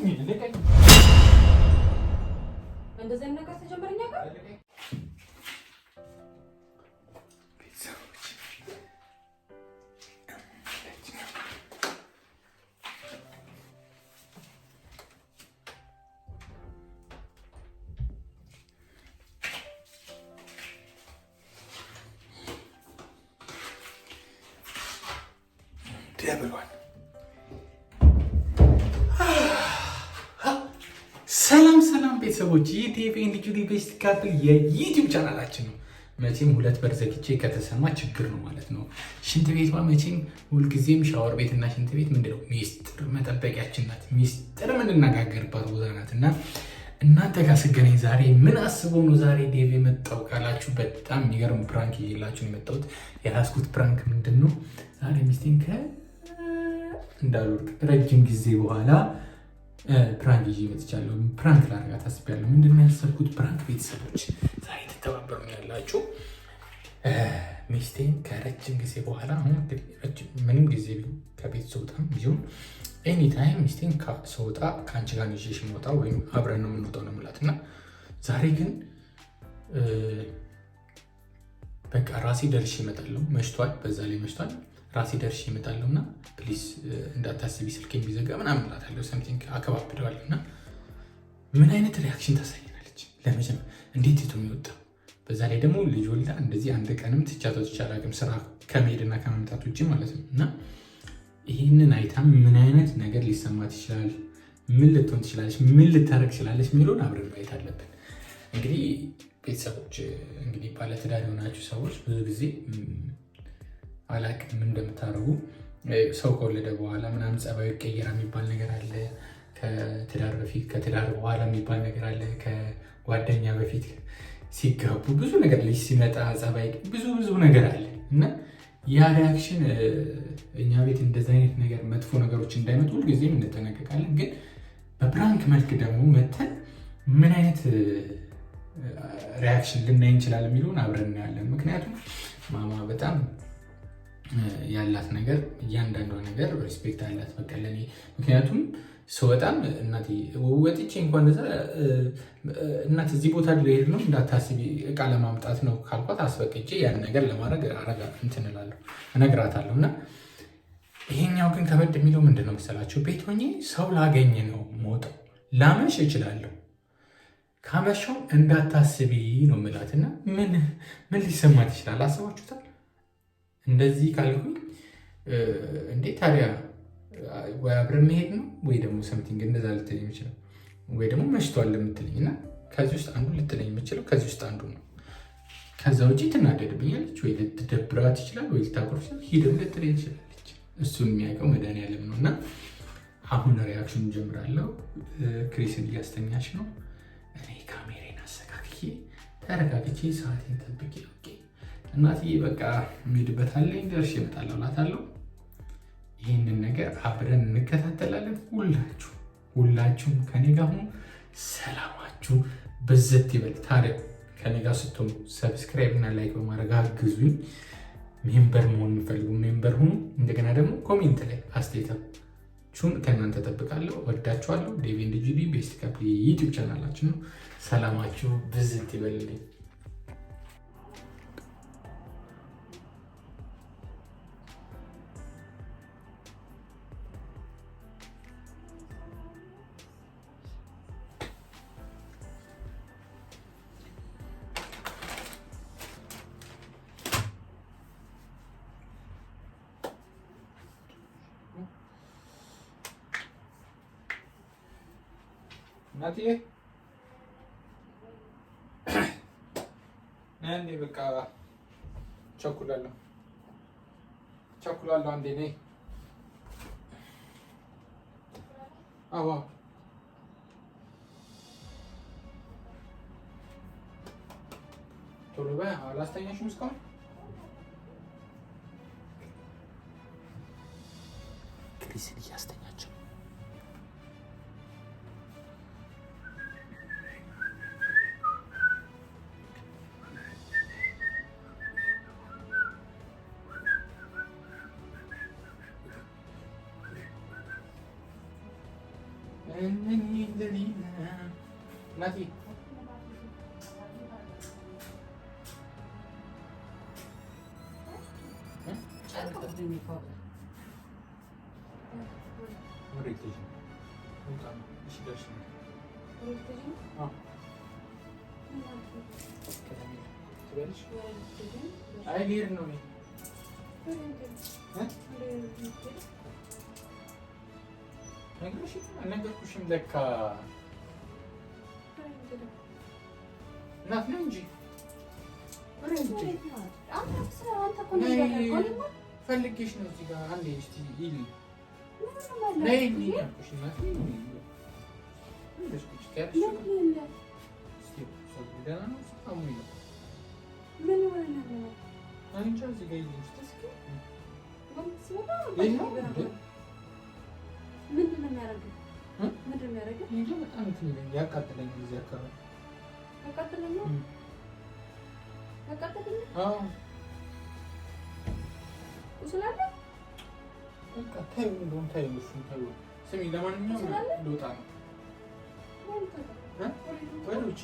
ልቀቂኝ፣ ልቀቂኝ። እንደዚህ ነገር ተጀመረ ጋር ቤተሰቦች ይህ ቲኤፍኤን ቤስት ካፕል የዩቲዩብ ቻናላችን ነው። መቼም ሁለት በር ዘግቼ ከተሰማ ችግር ነው ማለት ነው። ሽንት ቤቷ መቼም ሁልጊዜም ሻወር ቤትና ሽንት ቤት ምንድን ሚስጥር መጠበቂያችን ናት። ሚስጥር የምንነጋገርባት ቦታ ናት እና እናንተ ጋር ስገናኝ ዛሬ ምን አስበው ነው ዛሬ ዴቭ የመጣው ካላችሁ በጣም የሚገርም ፕራንክ ይዤላችሁ የመጣሁት። የያዝኩት ፕራንክ ምንድን ነው? ዛሬ ሚስቴን ከ እንዳሉ ረጅም ጊዜ በኋላ ፕራንክ ይዤ መጥቻለሁ። ፕራንክ ላደርጋት አስቤያለሁ። ምንድን ነው ያሰብኩት? ፕራንክ ቤተሰቦች ዛሬ ትተባበሩ ያላችሁ ሚስቴን ከረጅም ጊዜ በኋላ አሁን ምንም ጊዜ ከቤት ስወጣም ቢሆን ኤኒታይም ሚስቴን ስወጣ ከአንቺ ጋር ይዤሽ የምወጣ ወይም አብረን ነው የምንወጣው ነው የምላት እና ዛሬ ግን በቃ ራሴ ደርሼ እመጣለሁ። መሽቷል፣ በዛ ላይ መሽቷል። ራሴ ደርሽ እመጣለሁ እና ፕሊስ እንዳታስቢ ስልክ የሚዘጋ ምናምን እላታለሁ። ሰምቲንግ አከባብደዋለሁ እና ምን አይነት ሪያክሽን ታሳየናለች? ለመጀመ እንዴት ቶ የሚወጣ በዛ ላይ ደግሞ ልጅ ወልዳ እንደዚህ አንድ ቀንም ትቻታ ትቻላቅም ስራ ከመሄድና ከመምጣት ውጭ ማለት ነው። እና ይህንን አይታ ምን አይነት ነገር ሊሰማት ይችላል? ምን ልትሆን ትችላለች? ምን ልታረግ ትችላለች? የሚለውን አብረን ማየት አለብን። እንግዲህ ቤተሰቦች እንግዲህ ባለትዳር የሆናችሁ ሰዎች ብዙ ጊዜ አላቅም እንደምታደርጉ ሰው ከወለደ በኋላ ምናምን ጸባዩ ይቀየራ የሚባል ነገር አለ። ከትዳር በፊት ከትዳር በኋላ የሚባል ነገር አለ። ከጓደኛ በፊት ሲጋቡ ብዙ ነገር ልጅ ሲመጣ ጸባይ ብዙ ብዙ ነገር አለ እና ያ ሪያክሽን እኛ ቤት እንደዚ አይነት ነገር መጥፎ ነገሮች እንዳይመጡ ሁልጊዜም እንጠነቀቃለን። ግን በፕራንክ መልክ ደግሞ መተን ምን አይነት ሪያክሽን ልናይ እንችላለን የሚለውን አብረን እናያለን። ምክንያቱም ማማ በጣም ያላት ነገር እያንዳንዷ ነገር ሪስፔክት አላት። በቃ ለእኔ ምክንያቱም ስወጣም እናቴ ወጥቼ እንኳን እዛ እናቴ እዚህ ቦታ ልሄድ ነው እንዳታስቢ እቃ ለማምጣት ነው ካልኳት አስፈቅጄ ያን ነገር ለማድረግ አረጋ እንትንላለሁ እላለሁ እነግራታለሁ። እና ይሄኛው ግን ከበድ የሚለው ምንድን ነው መሰላችሁ? ቤት ሆኜ ሰው ላገኝ ነው የምወጣው። ላመሽ እችላለሁ ካመሸው እንዳታስቢ ነው የምላት እና ምን ምን ሊሰማት ይችላል? አስባችሁታል? እንደዚህ ካልኩኝ እንዴ ታዲያ ወይ አብረን መሄድ ነው ወይ ደግሞ ሰምቲንግ እንደዛ ልትለኝ የምችለው ወይ ደግሞ መሽቷል ለምትለኝ እና ከዚህ ውስጥ አንዱ ልትለኝ የምችለው ከዚህ ውስጥ አንዱ ነው። ከዛ ውጭ ትናደድብኛለች ወይ ልትደብራት ይችላል ወይ ልታቆርፍ ይችላል ሂድም ልትለኝ ይችላለች። እሱን የሚያውቀው መድኃኒዓለም ነው እና አሁን ሪያክሽን ጀምራለሁ። ክሪስን እያስተኛች ነው። እኔ ካሜሬን አስተካክዬ ተረጋግቼ ሰዓቴን ጠብቄ ነው እናትዬ በቃ የምሄድበት አለኝ ደርሼ እመጣለሁ እላታለሁ። ይህንን ነገር አብረን እንከታተላለን። ሁላችሁ ሁላችሁም ከኔ ጋር ሁኑ። ሰላማችሁ በዘት ይበል። ታዲያ ከኔ ጋር ስትሆኑ ሰብስክራይብ እና ላይክ በማድረግ አግዙኝ። ሜምበር መሆን የምፈልጉ ሜምበር ሁኑ። እንደገና ደግሞ ኮሜንት ላይ አስተያየታችሁን ከእናንተ ጠብቃለሁ። ወዳችኋለሁ። ዴቪንድ ጂቪ ቤስት ካፕ ዩቲዩብ ቻናላችን ነው። ሰላማችሁ ብዝት ይበልልኝ። Nati? Nanni beka chocolate. Chocolate on dini. Awa. Tolu be, hala stayın şunu sıkalım. Liseli yastığını açalım. Tamam. İşi gel şimdi. Nereye gideceğim? Ha. ትበልሽ አይ ልሄድ ነው ነግረሽኝ አልነገርኩሽም ለካ እናት ነው እንጂ ፈልጌሽ ነው እዚህ ጋር አንዴ እስኪ ነይ ነይ ያልኩሽ እናት ነይ Gel şuraya. Yok Steve, sorry, non so come with. Me lo voglio. Ma in caso che gli stai scrivendo. Ma si va a fare? ምንድን ነው የሚያደርገው? ምንድን ነው የሚያደርገው? እንጂ በጣም እንትን ያቃጥለኛል። እዚህ አካባቢ ያቃጥለኛል። ያቃጥለኛል። አዎ ስላለ በቃ ተይው፣ እንደውም ተይው፣ እሱን ተይው። ስሚ፣ ለማንኛውም ልውጣ ነው ወደ ውጭ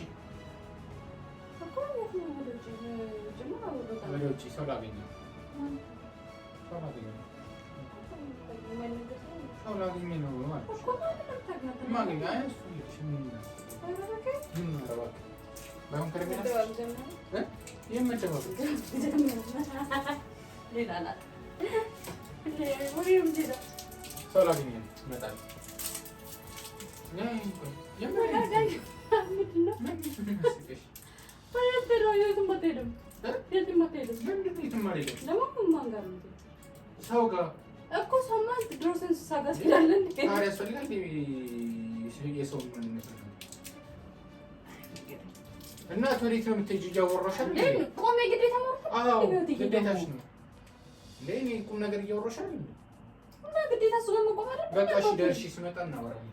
ወደ ውጭ ሰው ላገኘ ሰው ላገኘ ሰው ላገኘ ነው ማለት ነው። ሰው ጋር እኮ ሰውማ ድሮ እንስሳ ጋር ትሄዳለህ። ያስፈልጋል የሰው ማንነት እናት ወዴት ነው የምትሄጂው? እያወራሽ ቆሜ ግዴታ ግዴታሽ ነው። ቁም ነገር እያወራሽ እና ግዴታ እሱ ጋር መቆም በቃ ደርሼ ስመጣ እናወራለን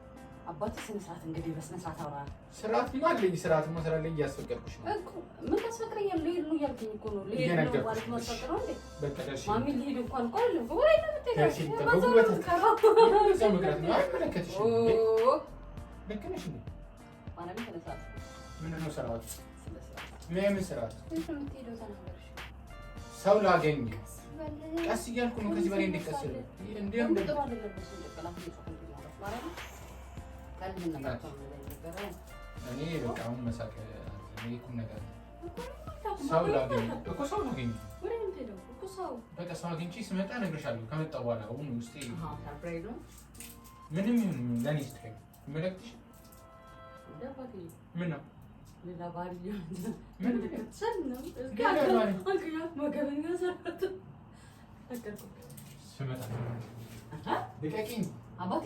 አባት ስነ ስርዓት እንግዲህ በስነ ስርዓት አውራ። ስርዓት ማለኝ ስርዓት መስራት እያስፈቀድኩሽ ነው እኮ። ምን ታስፈቅደኛለህ? ልሄድ ነው እያልኩኝ እኮ ነው። ልሄድ ነው ማለት ማስፈቅድ እንዴ? ማሚ፣ ልሄድ እንኳን እኮ አይደለም። ወይ ነው ሰው ላገኝ ቀስ እያልኩ ነው። ከዚህ በላይ እንዲቀስል እንዲህ እኔ በቃ አሁን መሳቅ ቁም ነገር ሰው ላገኝ እኮ ሰው ላገኝ በቃ ሰው አግኝቼ ስመጣ እነግርሻለሁ። ከመጣ በኋላ አሁን ውስጤ ምንም ለእኔ ስትይ የሚመለከትሽ ምን ነው? ስመጣ ልቀቂኝ አባቴ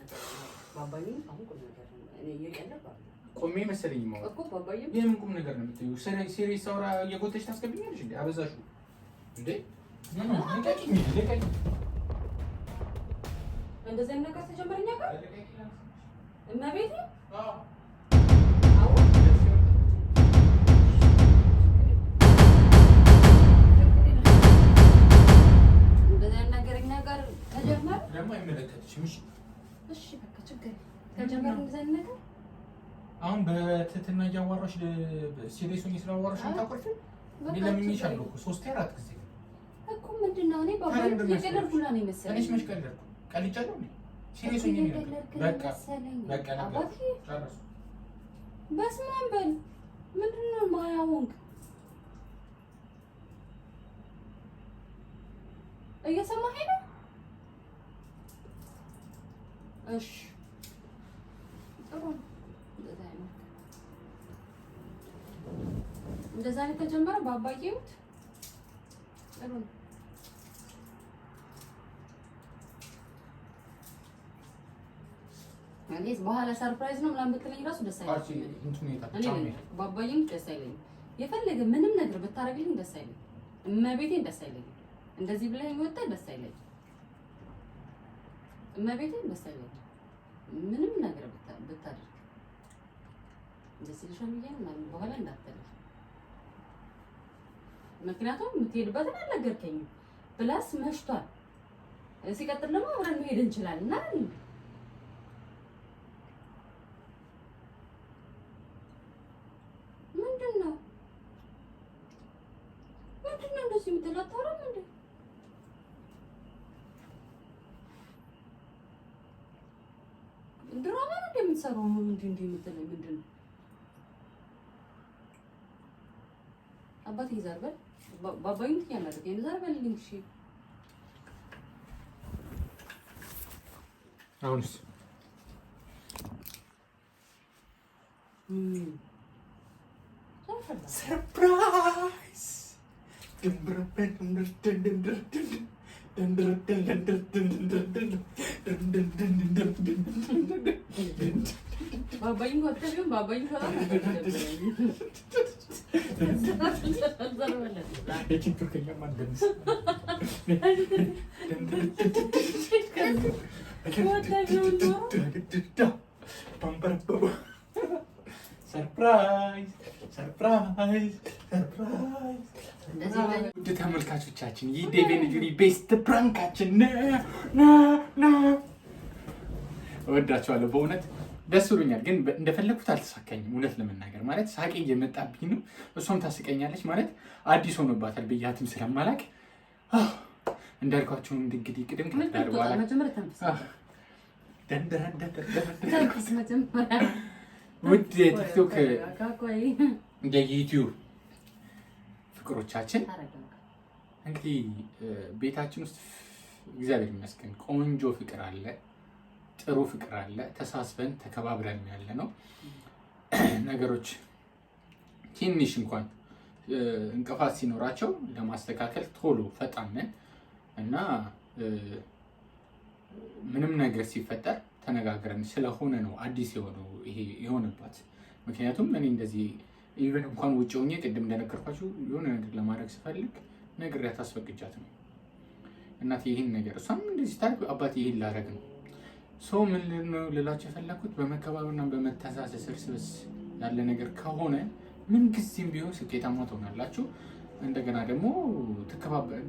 በአባዬም አሁን ቁም ቆሜ መሰለኝ የማወራው የምን ቁም ነገር ነው የምትይው? ሴሪየስ አውራ እየጎተች ታስገብኛለሽ እንዴ? አበዛሽው እንዴ? እንደዚህ ነገር ተጀመረ ደግሞ አይመለከትሽም። እሺ በቃ ችግር አሁን በትህትና እያዋራሽ ሲሪየሱን ስላዋራሽ ታቆርፊ ለምኝሻለሁ እኮ ሶስቴ አራት ጊዜ እኮ ምንድን እኔ የገለልኩና ነው የመሰለኝ። እኔስ መች ቀለድኩ? ቀልጃለሁ እንዴ? ሲሪየሱን በስመ አብ በል ምንድን ነው እየሰማኸኝ ነው እሺ ጥሩ እንደዛ አይነት ከጀመረ ባባየሁት ጥሩ ነው። በኋላ ሰርፕራይዝ ነው ምናምን ብትለኝ ራሱ ደስ አይለኝም። ባባዬም ደስ አይለኝም። የፈለገ ምንም ነገር ብታደርግልኝ ደስ አይለኝም። እመቤቴን ደስ አይለኝም። እንደዚህ ብለኸኝ ወጣ ደስ አይለኝም። እመቤቴ መሰለኝ ምንም ነገር ብታደርግ እንደዚህ ምናምን በኋላ እንዳትለኝ፣ ምክንያቱም የምትሄድበትን አልነገርከኝም። ፕላስ መሽቷል። ሲቀጥል ደግሞ አብረን መሄድ እንችላለን። የምትሰራው ሙሉ እንዲህ እንዲህ የምትለኝ ምንድን ነው? አባት ይዘርበል ባባይን ትያናደርገ ይዘርበል ልንሽ አሁንስ ሰርፕራይዝ ድምብርብን ድምድር ድምድር ድምድር Babayın götürüyor mu? Babayın falan mı? Zar öyle. Ekin kökeni yaman demiş. Götürüyor ሰርፕራይዝ ሰርፕራይዝ ሰርፕራይዝ። ውድ ተመልካቾቻችን ይህ ዴቪን ጁሪ ቤስት ፕራንካችን ና በእውነት ደስ ብሎኛል። ግን እንደፈለግኩት አልተሳካኝም። እውነት ለመናገር ማለት ሳቄ እየመጣብኝ ነው። እሷም ታስቀኛለች ማለት አዲስ ሆኖባታል ብያትም ስለማላቅ እንዳልኳቸውን እንግዲህ ቅድም ከዳር በኋላ ውድ የቲክቶክ የዩቲዩብ ፍቅሮቻችን እንግዲህ ቤታችን ውስጥ እግዚአብሔር ይመስገን ቆንጆ ፍቅር አለ፣ ጥሩ ፍቅር አለ። ተሳስበን ተከባብረን ያለ ነው። ነገሮች ትንሽ እንኳን እንቅፋት ሲኖራቸው ለማስተካከል ቶሎ ፈጣን ነን እና ምንም ነገር ሲፈጠር ተነጋግረን ስለሆነ ነው አዲስ የሆነው ይሄ የሆነባት። ምክንያቱም እኔ እንደዚህ ኢቨን እንኳን ውጭ ሆኜ ቅድም እንደነገርኳችሁ የሆነ ነገር ለማድረግ ስፈልግ ነግሬያት አስፈቅጃት ነው እናት ይህን ነገር እሷም እንደዚህ ታሪክ አባት ይህን ላደርግ ነው ሰው ምን ልላቸው የፈለግኩት በመከባበርና በመተሳሰስ እርስ ያለ ነገር ከሆነ ምንጊዜም ቢሆን ስኬታማ ትሆናላችሁ። እንደገና ደግሞ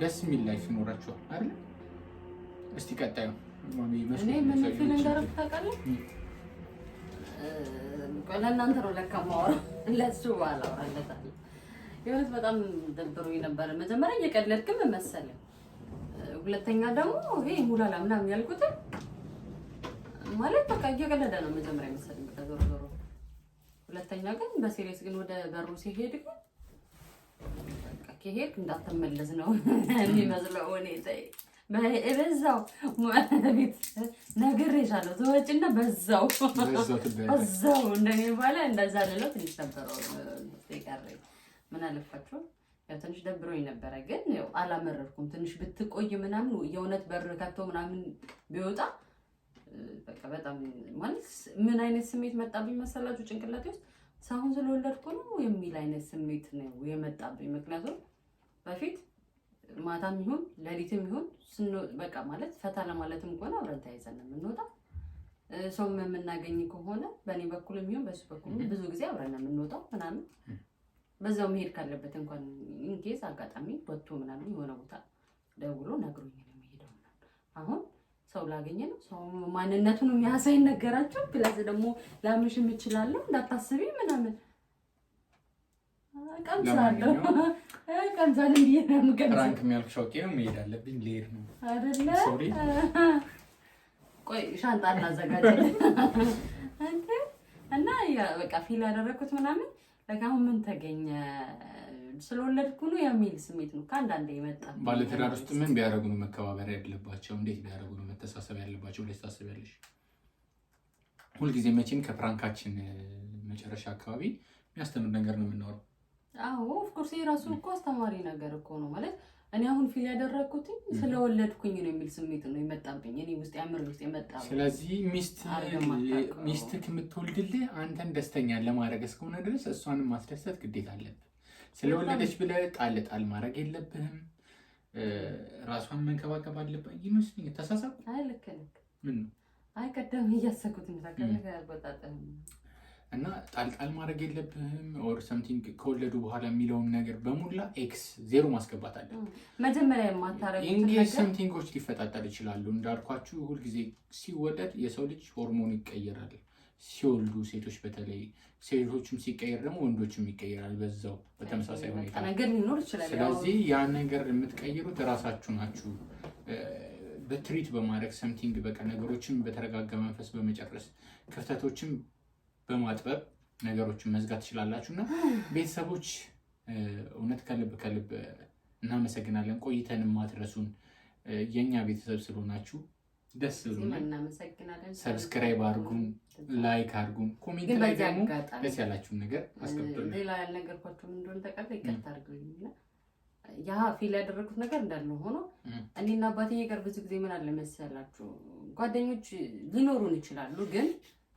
ደስ የሚል ላይፍ ይኖራችኋል አይደል? እስቲ ቀጣዩ እኔ ምን ፊል እንዳደረኩ ታውቃለህ? ለእናንተ ነው ለካ የማወራው፣ ለእሱ አላወራለታለሁ። የእውነት በጣም ደብሮኝ ነበረ። መጀመሪያ እየቀለድክም መሰለኝ፣ ሁለተኛ ደግሞ ይሄ ሙላላ ምናምን ያልኩትን ማለት በቃ እየቀለደ ነው መጀመሪያ መሰለኝ፣ ዞሮ ዞሮ። ሁለተኛ ግን በሴሪየስ ግን ወደ በሩ ሲሄድ ግን ከሄድክ እንዳትመለስ ነው የሚመስለው እኔ በዛው ቤት ነግሬሻለሁ። ተወጪና በዛው በዛው እንደሚባለ እንደዛ ልለው ትንሽ ነበረው የቀረኝ። ምን አለፋችሁ ያው ትንሽ ደብሮኝ ነበረ፣ ግን ያው አላመረርኩም። ትንሽ ብትቆይ ምናምን የእውነት በር ከቶ ምናምን ቢወጣ በቃ በጣም ማለት ምን አይነት ስሜት መጣብኝ መሰላችሁ? ጭንቅላቴ ውስጥ ሳሁን ስለወለድኩ ነው የሚል አይነት ስሜት ነው የመጣብኝ። ምክንያቱም በፊት ማታም ይሁን ለሊትም ይሁን በቃ ማለት ፈታ ለማለትም ከሆነ አብረን ተያይዘን ነው የምንወጣው። ሰውም የምናገኝ ከሆነ በእኔ በኩልም ይሁን በሱ በኩል ብዙ ጊዜ አብረን ነው የምንወጣው ምናምን በዛው መሄድ ካለበት እንኳን ኢንኬዝ አጋጣሚ ወጥቶ ምናምን የሆነ ቦታ ደውሎ ነግሮኝ ነው የሚሄደው። አሁን ሰው ላገኘ ነው ሰው ማንነቱን የሚያሳይ ነገራቸው። ፕላስ ደግሞ ላምሽም እችላለሁ እንዳታስቢ ምናምን ቀምሳለሁ ፊል ያደረግኩት ምናምን በቃ አሁን ምን ተገኘ ስለወለድኩ ነው የሚል ስሜት ነው ከአንዳንዴ የመጣ። ባለትዳር ውስጥ ምን ቢያደርጉ ነው መከባበር ያለባቸው? እንዴት ቢያደርጉ ነው መተሳሰብ ያለባቸው ብለሽ ታስቢያለሽ? ሁልጊዜ መቼም ከፕራንካችን መጨረሻ አካባቢ የሚያስተምር ነገር ነው የምናወራው አዎ ኦፍኮርስ የራሱ እኮ አስተማሪ ነገር እኮ ነው ማለት እኔ አሁን ፊል ያደረግኩትኝ ስለወለድኩኝ ነው የሚል ስሜት ነው የመጣብኝ እኔ ውስጥ ያምር ውስጥ የመጣ ስለዚህ ሚስት የምትወልድልህ አንተን ደስተኛ ለማድረግ እስከሆነ ድረስ እሷንም ማስደሰት ግዴታ አለብህ ስለወለደች ብለህ ጣል ጣል ማድረግ የለብህም ራሷን መንከባከብ አለብህ ይመስለኛል ተሳሳብ አይ ልክ ልክ ምን አይ ቀደም እያሰብኩት ነው ታውቃለህ አልቆጣጠርም እና ጣልጣል ማድረግ የለብህም ኦር ሰምቲንግ ከወለዱ በኋላ የሚለውን ነገር በሙላ ኤክስ ዜሮ ማስገባት አለብህ። መጀመሪያ የማታረግ ሰምቲንጎች ሊፈጣጠር ይችላሉ። እንዳልኳችሁ ሁልጊዜ ሲወለድ የሰው ልጅ ሆርሞን ይቀየራል። ሲወልዱ ሴቶች በተለይ ሴቶችም ሲቀየር ደግሞ ወንዶችም ይቀየራል በዛው በተመሳሳይ ሁኔታ። ስለዚህ ያ ነገር የምትቀይሩት እራሳችሁ ናችሁ። በትሪት በማድረግ ሰምቲንግ በቃ ነገሮችን በተረጋጋ መንፈስ በመጨረስ ክፍተቶችም በማጥበብ ነገሮችን መዝጋት ትችላላችሁ። እና ቤተሰቦች እውነት ከልብ ከልብ እናመሰግናለን። ቆይተን ማትረሱን የእኛ ቤተሰብ ስለሆናችሁ ደስ ብሎናል። ሰብስክራይብ አድርጉን፣ ላይክ አርጉን፣ ኮሜንት ላይ ደግሞ ደስ ያላችሁን ነገር አስገብቶል። ሌላ ያልነገርኳችሁም እንደሆነ ተቀር ይቀርታ አድርግልኝና ያ ፊል ያደረጉት ነገር እንዳለ ሆኖ እኔና አባቴ ጋር ብዙ ጊዜ ምን አለ መሰላችሁ ጓደኞች ሊኖሩን ይችላሉ ግን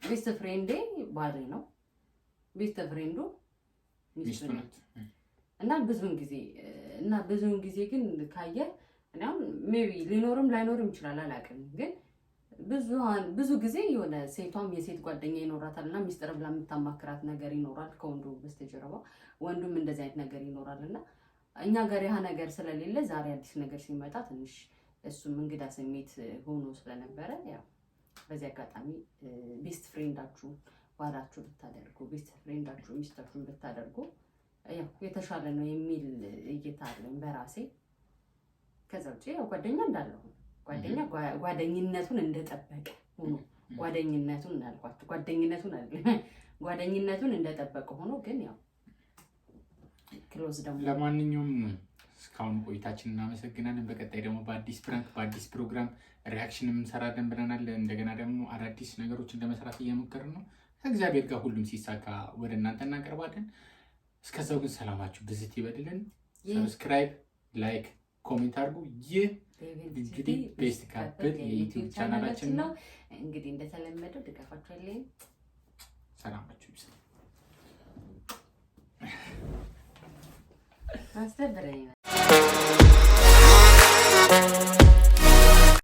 ቤስት ፍሬንዴ ባሌ ነው። ቤስት ፍሬንዱ ሚስቱ ናት። እና ብዙን ጊዜ እና ብዙውን ጊዜ ግን ካየ እናም ሜቢ ሊኖርም ላይኖርም ይችላል አላውቅም። ግን ብዙን ብዙ ጊዜ የሆነ ሴቷም የሴት ጓደኛ ይኖራታል እና ሚስጥር ብላ የምታማክራት ነገር ይኖራል ከወንዱ በስተጀርባ፣ ወንዱም እንደዚህ አይነት ነገር ይኖራል እና እኛ ጋር ያህ ነገር ስለሌለ ዛሬ አዲስ ነገር ሲመጣ ትንሽ እሱም እንግዳ ስሜት ሆኖ ስለነበረ ያው በዚህ አጋጣሚ ቤስት ፍሬንዳችሁ ባላችሁ ብታደርጉ፣ ቤስት ፍሬንዳችሁ ሚስታችሁን ብታደርጉ የተሻለ ነው የሚል እይታ አለኝ በራሴ። ከዛ ውጭ ያው ጓደኛ እንዳለሁ ጓደኛ ጓደኝነቱን እንደጠበቀ ሆኖ ጓደኝነቱን እንዳልኳቸው ጓደኝነቱን አለ ጓደኝነቱን እንደጠበቀ ሆኖ ግን ያው ክሎዝ ደግሞ ለማንኛውም እስካሁን ቆይታችን እናመሰግናለን። በቀጣይ ደግሞ በአዲስ ፕራንክ በአዲስ ፕሮግራም ሪያክሽን የምንሰራለን ብለናል። እንደገና ደግሞ አዳዲስ ነገሮችን ለመስራት እየሞከርን ነው። ከእግዚአብሔር ጋር ሁሉም ሲሳካ ወደ እናንተ እናቀርባለን። እስከዛው ግን ሰላማችሁ ብዝት ይበድልን። ሰብስክራይብ፣ ላይክ፣ ኮሜንት አድርጉ። ይህ እንግዲህ ቤስት ካፕል የዩቲዩብ ቻናላችን ነው። እንግዲህ እንደተለመደው ድጋፋችሁ አለኝ። ሰላማችሁ ይብዛ። На все бере.